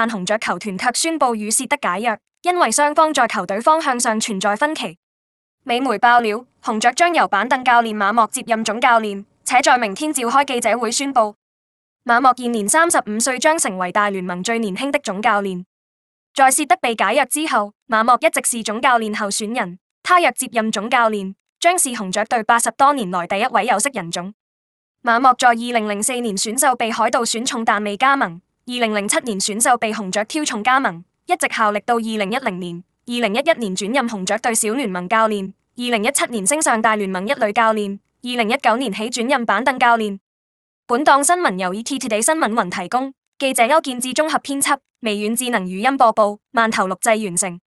但紅雀球團卻宣布與薛德解約，因為雙方在球隊方向上存在分歧。美媒爆料，紅雀將由板凳教練馬莫接任總教練，且在明天召開記者會宣布。馬莫現年三十五歲，將成為大聯盟最年輕的總教練。在薛德被解約之後，馬莫一直是總教練候選人，他若接任總教練，將是紅雀隊八十多年來第一位有色人種。馬莫在二零零四年選秀被海盜選中，但未加盟。二零零七年選秀被紅雀挑中加盟，一直效力到二零一零年，二零一一年轉任紅雀隊小聯盟教練，二零一七年升上大聯盟一壘教練，二零一九年起轉任板凳教練。本檔新聞由 ETtoday 新聞雲提供，記者歐建志綜合編輯，微軟智能語音播報，萬頭錄製完成。